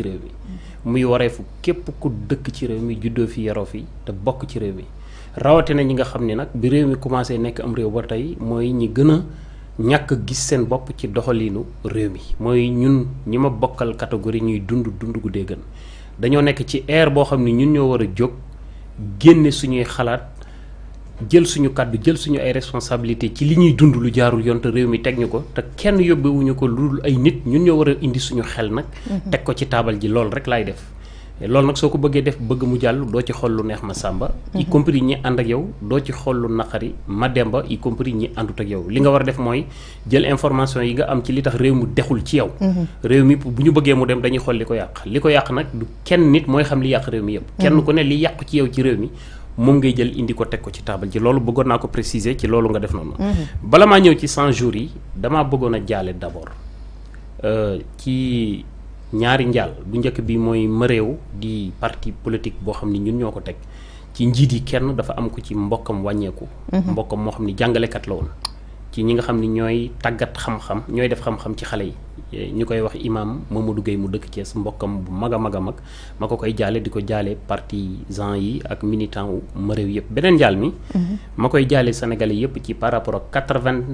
ci réew mi muy wareefu képp ku dëkk ci réew mi juddoo fi yaroo fi te bokk ci réew mi rawatina ñi nga xam ne nag bi réew mi commencé nekk am réew ba tey mooy ñi gën a ñàkk gis seen bopp ci doxaliinu réew mi mooy ñun ñi ma bokkal catégorie ñuy dund dund gu dee gën dañoo nekk ci air boo xam ne ñun ñoo war a jóg génne suñuy xalaat jël suñu kàddu jël suñu ay responsabilité ci li ñuy dund lu jaarul yoon te réew mi teg ñu ko te kenn yóbbewuñu ko lu dul ay nit ñun ñoo war a indi suñu xel nag. Mhm. teg ko ci taabal ji loolu rek laay def. loolu nag soo ko bëggee def bëgg mu jàll doo ci xool lu neex ma sàmba mhm. y compris ñi ànd ak yow doo ci xool lu naqari ma demba y compris ñi àndut ak yow li nga war a def mooy jël information yi nga am ci li tax réew mu dexul ci yow mhm. réew mi bu ñu bëggee mu dem dañuy xool ko yàq li ko yàq nag du kenn nit mooy xam li yàq réew mi yëpp ku ne li yàqu ci yow ci réew mi moom ngay jël indi ko teg ko ci taabal ji loolu bëggoon naa ko préciser ci loolu nga def noonu. Mhm. bala maa ñëw ci 100 jours yi damaa bëggoon a jaale d' abord euh, ci ñaari njaal bu njëkk bi mooy mëréew di parti politique boo xam ni ñun ñoo ko teg ci njiit yi kenn dafa am ko ci mbokkam wàññeeku. Mhm. mbokkam moo xam ni jàngalekat la woon. ci ñi nga xam ni ñooy tàggat xam-xam ñooy def xam-xam ci xale yi ñu koy wax imaam moom Mamadou duggee mu dëkk cees mbokkam bu mag a mag a mag ma ko koy jaale di ko jaale partisans yi ak militants wu ma réew yëpp beneen jaal mi mhm. ma koy jaale sénégalais yëpp ci par rapport ak quatre-vingt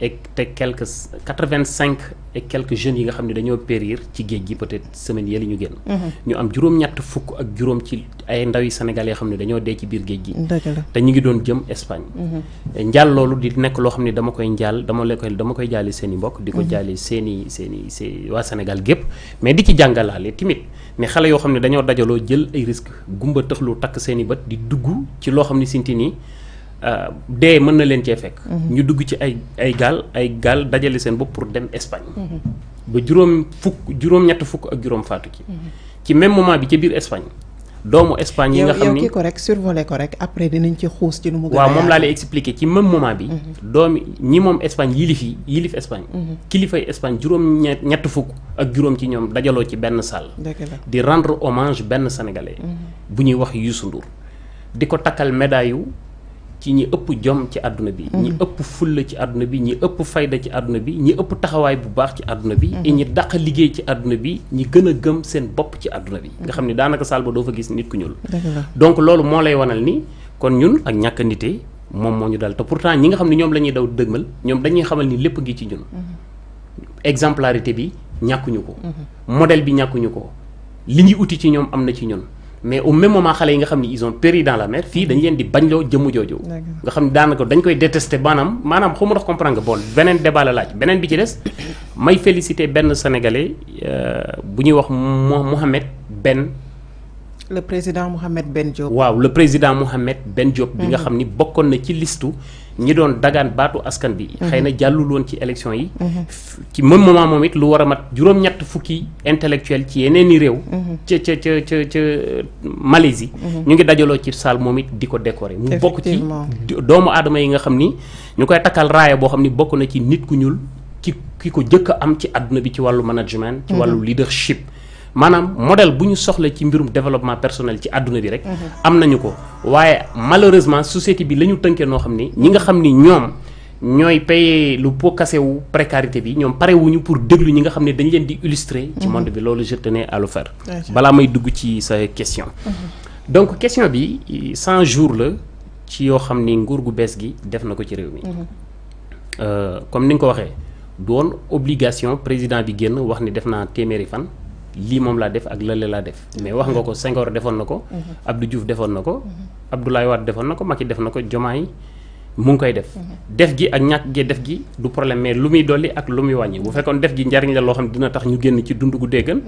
et quelques 85 et quelques jeunes yi nga xamni ne dañoo périr ci géej gi peut-être semaines yële ñu génn. Mhm. ñu am juroom ñatt fukk ak juroom ci ay ndaw yi sénégalais yoo xam ne dañoo dee ci biir géej gi. te ñu ngi doon jëm Espagne. Mhm. njaal loolu di nekk loo xam ne dama koy njaal dama la koy dama koy jaale seen i mbokk. di ko mhm. jaale seen i seen i waa Sénégal gépp mais di ci jàngalaale timit ne xale yoo xam ne dañoo dajaloo jël ay risque gumba tëxlu takk seen i bët di dugg ci loo xam ne sinti nii Euh, dee mën na leen cee fekk. Mhm. ñu dugg ci ay ay gaal ay gaal dajale seen bopp pour dem Espagne. Mhm. ba juróom fukk juróom-ñett fukk ak juróom faatu ci. Mhm. ci même moment bi ca biir Espagne. doomu Espagne yi nga xam ni yow ko rek survolé ko rek après dinañ ci xuus waaw moom laa lay expliqué ci même moment bi. doomi ñi moom Espagne yilif yi yilif Espagne. kilifay Espagne juróom ñett ñett fukk ak juróom ci ñoom dajaloo ci benn salle. di rendre hommage benn sénégalais. bu ñuy wax Youssou Ndour di ko takkal médaille yu ci ñi ëpp jom ci àdduna bi ñi mm. ëpp fulla ci àdduna bi ñi ëpp fayda ci àdduna bi ñi ëpp taxawaay bu baax ci àdduna bi mm-hmm. et ñi daq liggéey ci àdduna bi ñi gën a gëm seen bopp ci àdduna bi nga mm-hmm. xam ne daanaka saal ba doo fa gis nit ku ñuul donc loolu moo lay wanal ni kon ñun ak ñàkk nite moom moo ñu dal te pourtant ñi nga xam ne ñoom la ñuy daw dëgmal ñoom dañuy xamal ni lépp gi ci ñun mm-hmm. exemplarité bi ñàkkuñu ko model bi ñàkkuñu ko li ñuy uti ci ñoom am na ci ñun mais au même moment xale yi nga xam ni ison ont péri dans la mer fii dañ leen di bañloo jëmm jooju nga xam ne daanaka dañ koy détester maanaam maanaam xaw ma ndax comprendre nga bon beneen débat laaj beneen bi ci des may féliciter benn sénégalais euh, bu ñuy wax Mohamed benn le président Mouhamed Ben Diop. waaw la président Mouhamed Ben Diop. bi nga mhm. xam ni bokkoon na ci listu ñi doon dagaan baatu askan bi. Mhm. xëy na jàllul woon ci élection yi. Mhm. ci même moment moom it lu war a mat juróom-ñett fukki intellectuel ci yeneen i réew. ca ca ca ca Malaisie. ñu ngi dajaloo ci salle moom it di ko décorer. mu bokk ci doomu aadama yi nga xam ni ñu koy takkal raaya boo xam ni bokk na ci nit ku ñuul ki ki ko jëkk am ci àdduna bi ci wàllu management. ci wàllu leadership. Manam modèle buñu ñu soxla ci mbirum développement personnel ci aduna bi rek. am nañu ko waye malheureusement société bi lañu ñu no xamni xam ni ñi nga xam ni ñoom. ñooy wu précarité bi ñom paré wuñu pour déglu ñi nga xam ne leen di illustrer. ci mhm. monde bi lolu je tenais à le faire. bala may dugg ci sa question. Mhm. donc question bi 100 jours le. ci yo xamni nguur gu bees gi def ci réew mi. Mhm. Euh, comme ni nga ko waxee doon obligation président bi génn wax ni def naa fan. lii moom laa def ak lële laa def mais wax nga ko Senghor defoon na ko mhm. Abdou Diouf defoon na ko mhm. Abdoulaye Wade defoon na ko Macky def na ko Diomaye mu ngi koy def mhm. def gi ak ñàkk gi def gi du problème mais lu muy dolli ak lu muy wàññi bu fekkoon def gi njariñ la loo xam ne dina tax ñu génn ci dund gu déggan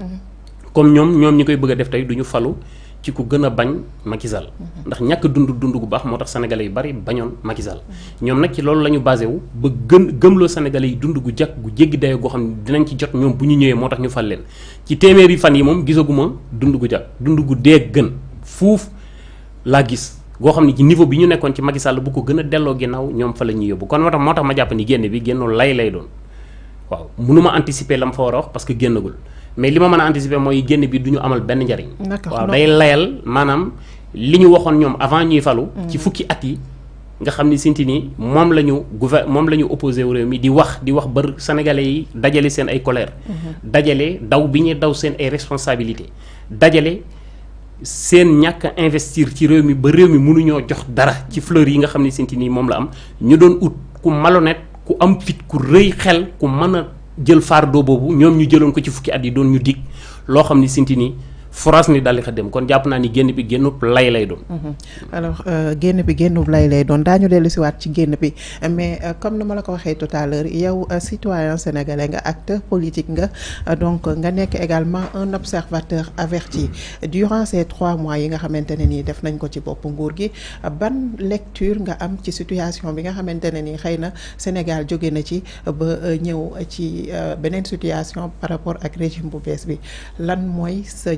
comme ñoom ñoom ñi koy bëgg a def tey du falu ci ko gën a bañ Macky mhm. ndax ñàkk dund dund gu baax moo tax sénégalais yu bari bañoon Macky Sall ñoom nag ci loolu la ñu basé wu ba gën gëmloo sénégalais yi dund gu jàkk gu jéggi dayo goo xam ne dinañ ci jot ñoom bu ñu ñëwee moo tax ñu fal leen ci téeméeri fan yi moom gisaguma dund gu jàkk dund gu dee gën fuuf laa gis goo xam ne ci niveau bi ñu nekkoon ci Macky Sall bu ko gën a delloo ginnaaw ñoom fa la ñuy yóbbu kon moo tax moo tax ma jàpp ni génn bi génn lay lay doon waaw mënuma anticiper la ma fa a parce que génnagul mais li ma mën a anticiper mooy génn bi du ñu amal benn njariñ waaw day layal maanaam li ñu waxoon ñoom avant ñuy falu mm. ci fukki at yi nga xam ni sinti ni moom la ñu gouver moom la ñu opposé wu réew di wax di wax bër sénégalais yi dajale seen ay colère mm-hmm. dajale daw bi ñuy daw seen ay responsabilité dajale seen ñàkk investir ci réew mi ba réew mi mënuñoo jox dara ci fleur yi nga xam ne sinti nii moom la am ñu doon ut ku malhonnête ku am fit ku rëy xel ku mën a jël faardo boobu ñoom ñu jëloon ko ci fukki at yi doon ñu dig loo xam ni sinti nii France ni daal di xa dem kon jàpp naa ni génn bi génnub lay lay doon. Mhm. alors euh, génn bi génnub lay lay doon daañu dellu si waat ci génn bi mais euh, comme ni ma la ko waxee tout à l'heure yow euh, citoyen sénégalais nga acteur politique nga donc nga nekk également un observateur averti durant ces trois mois yi nga xamante ne nii def nañ ko ci bopp nguur gi ban lecture nga am ci situation bi nga xamante ne nii xëy na Sénégal jóge na ci ba ñëw ci beneen situation par rapport à régime bu bees bi lan mooy sa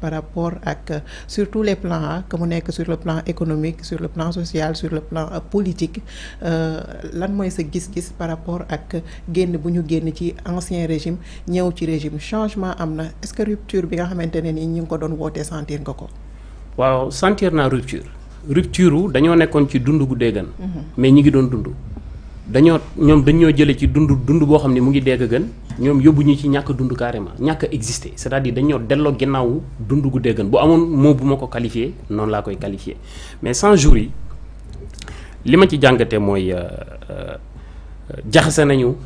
par rapport que euh, sur tous les plans comme on hein, est que sur le plan économique sur le plan social sur le plan euh, politique euh, lan mooy sa gis-gis par rapport ak génn bu ñu génn ci ancien régime ñëw ci régime changement am na est-ce que rupture bi nga xamante ne nii ñu ngi ko doon sentir nga waaw sentir naa rupture. rupture ou dañoo nekkoon ci dund gu mhm. mais ñi ngi doon dund. dañoo ñoom dañoo jëlee ci dund dund boo xam ne mu ngi dégg gën ñoom yóbbu ñu ci ñàkk dund carrément ñàkk a exister cest à dañoo delloo ginnaaw dund gu dégg gën bu amoon moo bu ma ko qualifié noonu laa koy qualifié mais sans jours yi li ma ci jàngatee mooy euh, euh, jaxase nañu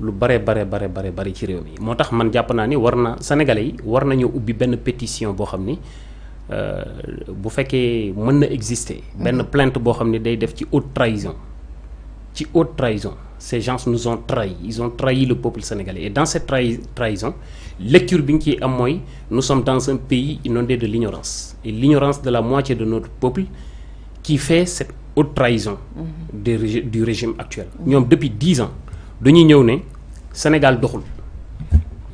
lu bare bare bare bare bare ci réew mi moo tax man jàpp naa ni war na sénégalais yi war nañoo ubbi benn pétition boo xam ni euh, bu fekkee mën na exister benn plainte boo xam ni day def ci haute trahison Qui haute trahison ces gens nous ont trahi ils ont trahi le peuple sénégalais et dans cette trahi trahison lecture bi ñu ciy am mooy nous sommes dans un pays inondé de l'ignorance et l'ignorance de la moitié de notre peuple qui fait cette haute trahison mm-hmm. de, du régime actuel ñoom depuis dix ans dañuy ñëw ne Sénégal doxul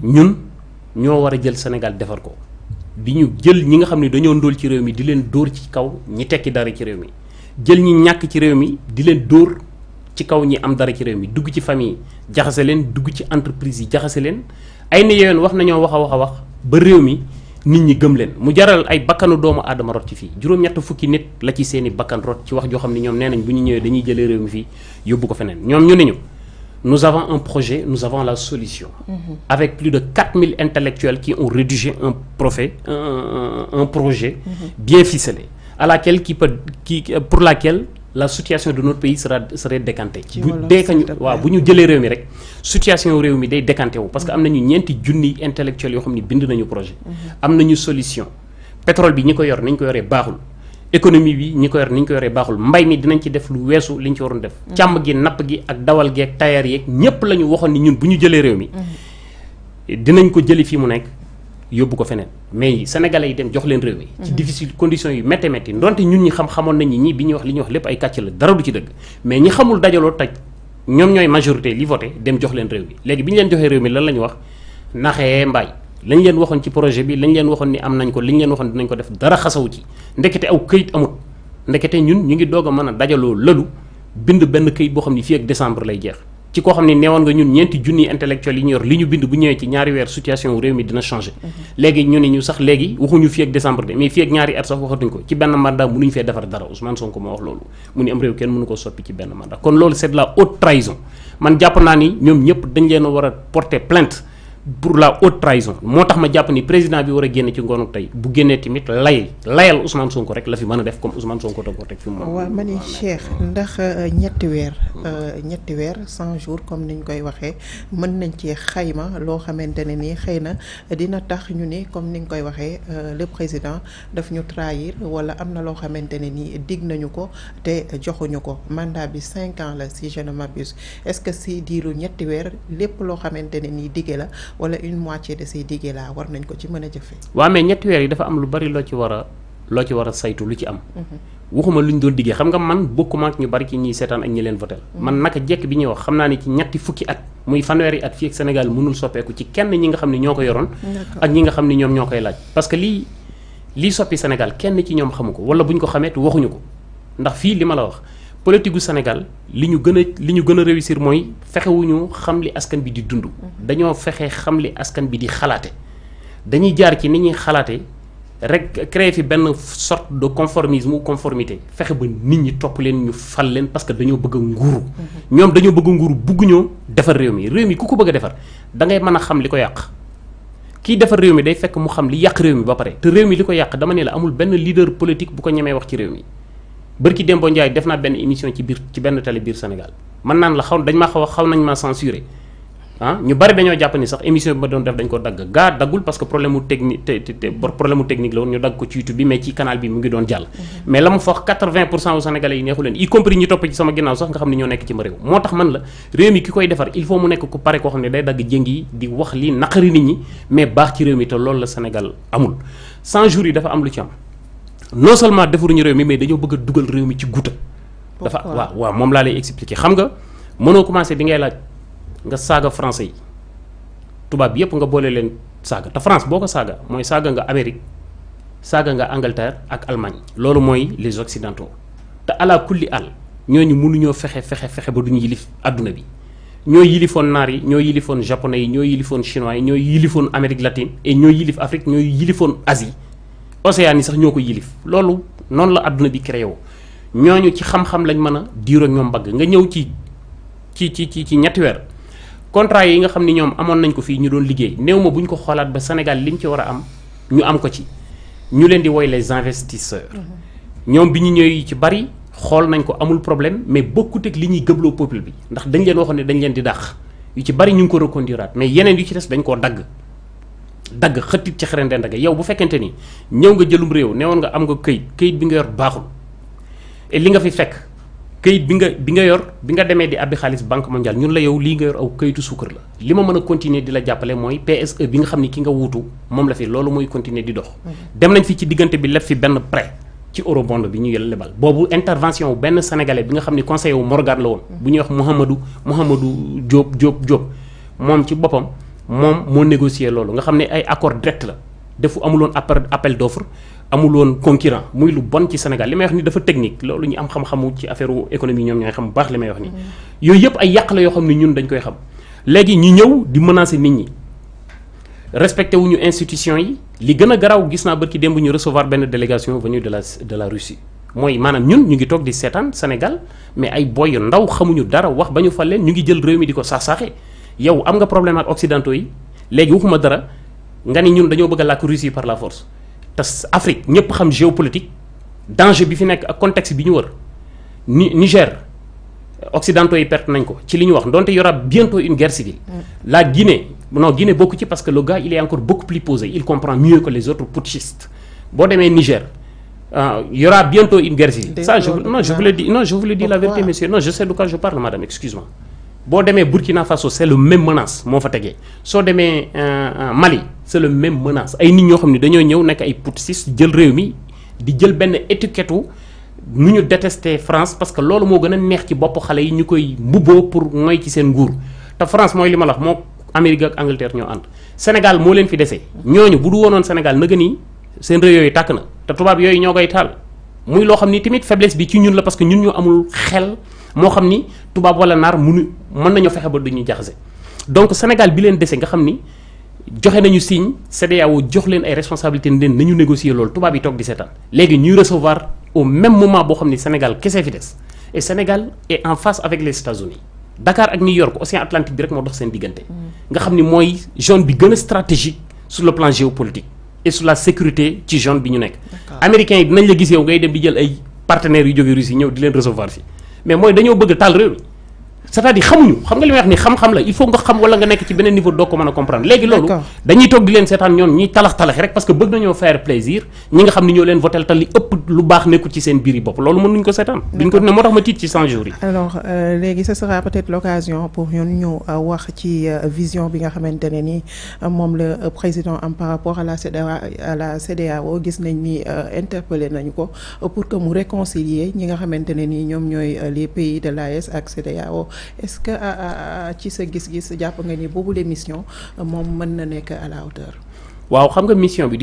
ñun ñoo war a jël Sénégal defar ko di ñu jël ñi nga xam ne dañoo ndóol ci réew mi di leen dóor ci kaw ñi tekki dara ci réew mi jël ñi ñàkk ci réew mi di ci kaw ñi am dara ci réew mi dugg ci famille jaxase leen dugg ci entreprise yi jaxase leen ay ne yooyu wax nañoo wax a wax a wax ba réew mi nit ñi gëm leen mu jaral ay bakkanu doomu aadama rot ci fii juróom-ñett fukki nit la ci seeni bakkan rot ci wax joo xam ne ñoom nee nañ bu ñu ñëwee dañuy jëlee réew mi fii yóbbu ko feneen ñoom ñu ne nous avons un projet nous avons la solution. Mhm. avec plus de 4000 intellectuels qui ont rédigé un projet un projet mhm. bien ficelé à laquelle qui peut qui pour laquelle la situation de notre pays sera serait décantée bu situation réew mi parce que nous avons des intellectuels qui bind nañu projet mhm. am solution pétrole bi pétrole, yor L'économie, Nous avons des économie nous avons ni ko nous mbay des dinañ ci def lu Nous ci def avons des Nous ak yóbbu ko feneen mais sénégalais yi dem jox len rew mi. ci difficile condition yu métti métti ndonte ñun ñi xam xamone nañ ñi biñu wax li ñuy wax lepp ay kàcc la dara du ci deug mais ñi xamul dajalo taj ñom ñoy majorité li voté dem jox len rew mi légui biñu len leen rew mi lan lañ wax naxé mbay lañ len waxon ci projet bi lañ len waxon ni am nañ ko liñ len waxon dinañ ko def dara xasaw ci ndekete aw keuyit amut ndekete ñun ñu ngi doga mëna dajalo lelu dajaloo lëlu bind benn këyit boo xam ne ak décembre lay jeex ci ko xamni ne nga ñun junni intellectuels yi ñor bind situation mi dina changer mhm. ne ñu sax waxu ñu fi ak décembre mais fi ak ñaari at sax waxatuñ ko ci benn mandat ñu fee defar dara Ousmane Sonko mo wax lolu mu ni am réew kenn mënu ko soppi ci ben mandat c'est de la haute trahison man japp naa ni ñoom dañ leen porter plainte pour la haute traison moo tax ma jàpp ni président bi war a génne ci ngoonu tey bu génnee tamit lay layal Ousmane Sonko rek la fi mën a def comme Ousmane Sonko da ko teg fi mu. ma ni Cheikh ndax euh, ñetti weer euh, ñetti weer cent jours comme niñ koy waxee mën nañ ci xayma loo xamante ne nii xëy na dina tax ñu ni comme ni niñ koy waxee euh, le président daf ñu trahir wala am na loo xamante ne nii dig nañu ko te joxuñu ko mandat bi cinq ans la si je ne m'abuse est-ce que si diiru ñetti weer lépp loo xamante ne nii dige la. wala une moitié de ces dégâts là war nañ ko ci mën a jëfee. waaw mais ñetti weer yi dafa am lu bari loo ci war a loo ci war a saytu lu ci am. Mm-hmm. waxuma ñu doon diggee xam nga man bokkuma ak ñu bari ci ñiy seetaan ak ñi leen votel mm-hmm. man naka jekk bi ñuy wax xam naa ne ci ñetti fukki at muy fanweeri at fii ak Sénégal mënul soppeeku ci kenn ñi nga xam ne ñoo ko yoroon ak ñi nga xam ne ñoom ñoo koy laaj parce que lii lii soppi Sénégal kenn ci ñoom xamu ko wala buñ ko xamee waxuñu ko ndax fii li ma la wax politique gu Sénégal li ñu gën a li ñu gën a réussir mooy fexewuñu xam li askan bi di dund. Mhm. dañoo fexe xam li askan bi di xalaate dañuy jaar ci ni ñuy xalaate rek créer fi benn sorte de conformisme ou conformité fexe ba nit ñi topp leen ñu fal leen parce que dañoo bëgg a nguuru. Mhm. ñoom dañoo bëgg a nguuru bugg defar réew mi réew mi ku ko bëgg a defar dangay ngay mën a xam li ko yàq. kii defar réew mi day fekk mu xam li yàq réew mi ba pare te réew mi li ko yàq dama ne amul benn leader politique bu ko ñemee wax ci réew mi. bërki Dembo Ndiaye def na ben émission ci bir ci ben télé bir Sénégal man nan la xaw dañ ma xaw xaw nañ ma censurer han ah, ñu bari dañu japp ni sax émission bi doon def dañ ko dagg ga daggul parce que problème mu technique te problème technique la woon ñu dagg ko ci YouTube bi mais ci canal bi mu ngi doon jall mhm. mais la mu fa wax 80 pour cent u sénégalais yi neexu leen y compris ñu top ci sama ginnaaw sax nga xamni ñoo nekk ci ma rew motax man la réew mi ki defar il faut mu nekk ku paré ko xamni day dagg jëng di wax li naqari nit ñi mais baax ci réew mi te loolu la Sénégal amul 100 jours yi dafa am lu ci am non seulement defaruñu réew mais dañoo bëgg ci gouta dafa wa wa lay expliquer xam nga mëno commencé bi ngay laaj nga saga français yi yépp nga saga. Ta France boko saga moy saga nga Amérique Saga nga Angleterre ak Allemagne lolu moy les occidentaux Ta ala kulli ba duñu yilif aduna bi yilifon yi yilifon japonais yi yilifon chinois yi Amérique latine et yilif Afrique Asie océan yi sax ñoo ko yilif loolu noonu la àdduna bi créé woo ñooñu ci xam-xam lañ mën a diir ñoom mbagg nga ñëw ci ci ci ci ci ñetti weer contrat yi nga xam ni ñoom amoon nañ ko fii ñu doon liggéey néew ma bu ñu ko xoolaat ba Sénégal li mu ci war a am ñu am ko ci ñu leen di woy les investisseurs mm-hmm. ñoom bi ñu ñëwee ci bari xool nañ ko amul problème mais bokkut li ñuy gëbloo peuple bi ndax dañ leen waxoon ne dañ leen di dàq yu ci bari ñu ngi ko reconduiraat mais yeneen yu ci des dañ koo dagg dagg xëttit ci xaren den yow bu fekkente ni ñëw nga jëlum réew woon nga am nga këyit këyit bi nga yor baaxul et li nga fi fekk këyit bi nga bi nga yor bi nga demee di abbi xaalis banque mondiale ñun la yow lii nga yor aw këyitu suukar la li ma mën a continuer di la jàppale mooy PSE bi nga xam ni ki nga wutu moom la fi loolu mooy continuer di dox mm-hmm. dem nañ fi ci diggante bi leb fi benn prêt ci eurobond bi ñu yël lebal boobu intervention benn sénégalais bi nga xam ni conseiller wu Morgan la woon mm-hmm. bu ñuy wax Mouhamadou Mouhamadou Diop Diop Diop moom ci boppam mom mo négocier loolu nga xam ay accord direct la defu amulone appel appel d'offre amuloon concurrent muy lu bon ci Sénégal limay wax ni dafa technique loolu ñi am xam-xamu ci affaire économie ñom ñooy xam bu baax li wax ni mm. yooyu yëpp ay yàq la yo xamni ñun dañ koy xam léegi ñi ñew di menacer nit ñi respecté wuñu institution yi li gëna a gis na barki démb ñu recevoir ben délégation venue de la de la Russie moy manam ñun ñu ngi tok di sétane Sénégal mais ay boy yu ndaw xamuñu dara wax bañu ñu ñu ngi jël réew mi di ko yow am nga problème ak occidentaux yi léegi waxuma dara nga ni ñun dañoo bëgg la làkk Russie par la force te Afrique ñëpp xam géopolitique danger bi fi nekk ak contexte bi ñu wër Niger occidentaux yi perte nañ ko ci y aura bientôt une guerre civile. Mm. la Guinée non Guinée bokku ci parce que le gars il est encore beaucoup plus posé il comprend mieux que les autres putschistes Bon, demee Niger. il euh, y aura bientôt une guerre civile. Ça, je, non, je vous le dis, non, je vous le dis la vérité, monsieur. Non, je sais de quoi je parle, madame, excusez moi Bo deme Burkina Faso c'est le même menace mo fa tegee so demee euh, euh, Mali c'est le même menace ay nit ñoo xamni dañoo ñëw nek ay putsis jël réew mi di jël ben étiquette nu ñu détester France parce que loolu mo gëna neex ci bop xalé yi ñukoy koy pour moy ci sen nguur Ta France moy li ma la wax moo Amérique ak Angleterre ñoo and Sénégal mo leen fi déssé ñoñu bu du wonon Sénégal na gëni sen réew yooyu tak na ta tubab yoy ñoo koy taal muy lo xamni timit faiblesse bi ci ñun la parce que ñun ñu amul xel mo xamni ni wala nar munu mën nañu fexe ba duñu jaxé donc Sénégal bi leen déssé nga xamni joxé nañu signe cdao jox leen ay responsabilités ni leen nañu négocier lool tubaab yi tok di seetaan légui ñuy recevoir au même moment bo xamni Sénégal kessé fi des et Sénégal est en face avec les États-Unis Dakar ak New York Océan Atlantique bi rek mo dox seen diggante. Mm. nga xamni moy zone bi gëna stratégique sur le plan géopolitique et sur la sécurité ci zone bi ñu nek américain yi dinañ la gis yow ngay dem di jël ay partenaires yu jógee Russie ñëw di leen recevoir fii. mais mooy dañoo bëgg taal réew c'est-à-dire xamuñu xam nga li wax ni xam-xam la il faut nga xam wala nga nek ci benen niveau doo ko mën comprendre légui lolu dañuy tok di len seetaan ñoon ñi talax-talax rek parce que bëgg nañu faire plaisir ñi nga xam ni ñoo len voter tal li ëpp lu baax nekkul ci seen biiri bop lolu mën nuñ ko seetaan duñ ko ne moo ma tiit ci 100 jours alors euh, légui ce sera peut-être l'occasion pour ñun ñu euh, wax ci euh, vision bi nga xamantene ni mom le président am par rapport à la CDA à la CDAO gis nañ ni interpeller nañ ko pour que mu réconcilier ñi nga xamantene ni ñom ñoy les pays de l'AES ak CDAO est-ce que ah, ah, ah, ci sa gis-gis japp nga ni boobule mission mom mën na nek à la hauteur. waaw xam nga mission bi